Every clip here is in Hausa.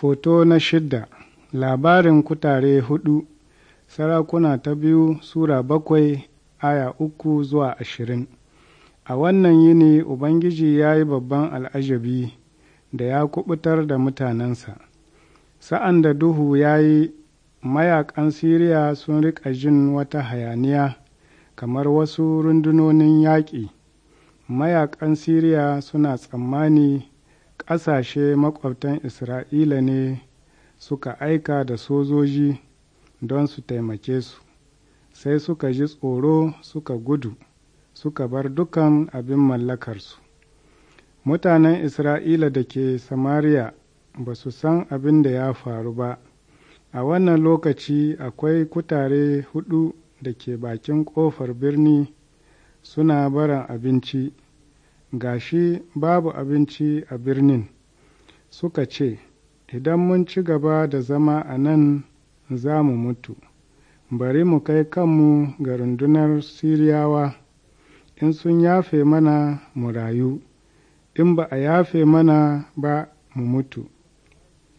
Foto na shidda Labarin kutare hudu Sarakuna ta biyu Sura bakwai aya uku zuwa ashirin A wannan yini Ubangiji ya yi babban al'ajabi da ya kubutar da mutanensa. Sa'an da duhu ya yi mayakan Siriya sun riƙa jin wata hayaniya kamar wasu rundunonin yaƙi. Mayakan Siriya suna tsammani ƙasashe maƙwabtan isra'ila ne suka aika da sojoji don su taimake su sai suka ji tsoro suka gudu suka bar dukan abin mallakarsu mutanen isra'ila da ke samariya ba su san abin da ya faru ba a wannan lokaci akwai kutare hudu da ke bakin ƙofar birni suna baran abinci gashi babu abinci a birnin suka ce idan mun ci gaba da zama a nan za mu mutu bari mu kai kanmu ga rundunar siriyawa in sun yafe mana mu rayu in ba a yafe mana ba mu mutu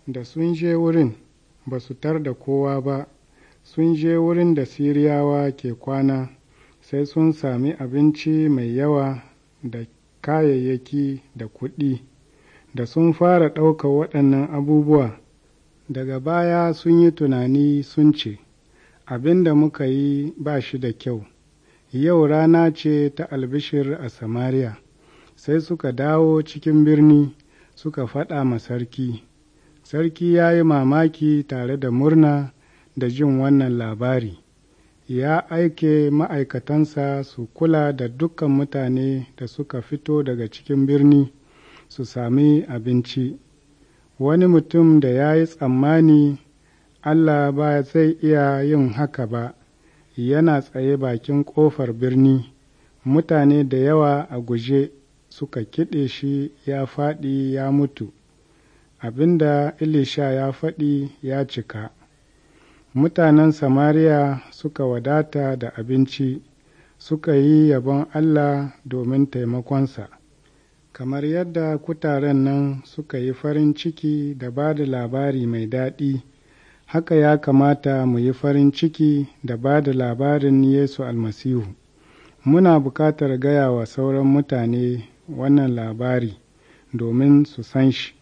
da sun je wurin ba su tar da kowa ba sun je wurin da siriyawa ke kwana sai sun sami abinci mai yawa da kayayyaki da kuɗi da sun fara ɗaukar waɗannan abubuwa daga baya sun yi tunani sun ce abin da muka yi ba shi da kyau yau rana ce ta albishir a samariya sai suka dawo cikin birni suka faɗa ma sarki sarki ya yi mamaki tare da murna da jin wannan labari ya aike ma'aikatansa su kula da dukkan mutane da suka fito daga cikin birni su sami abinci wani mutum da ya yi tsammani allah ba zai iya yin haka ba yana tsaye bakin ƙofar birni mutane da yawa a guje suka kiɗe shi ya faɗi ya mutu abinda ilisha ya faɗi ya cika mutanen samariya suka wadata da abinci suka yi yabon allah domin taimakonsa kamar yadda kutaren nan suka yi farin ciki da ba da labari mai daɗi haka ya kamata mu yi farin ciki da ba da labarin yesu almasihu muna buƙatar gaya wa sauran mutane wannan labari domin su san shi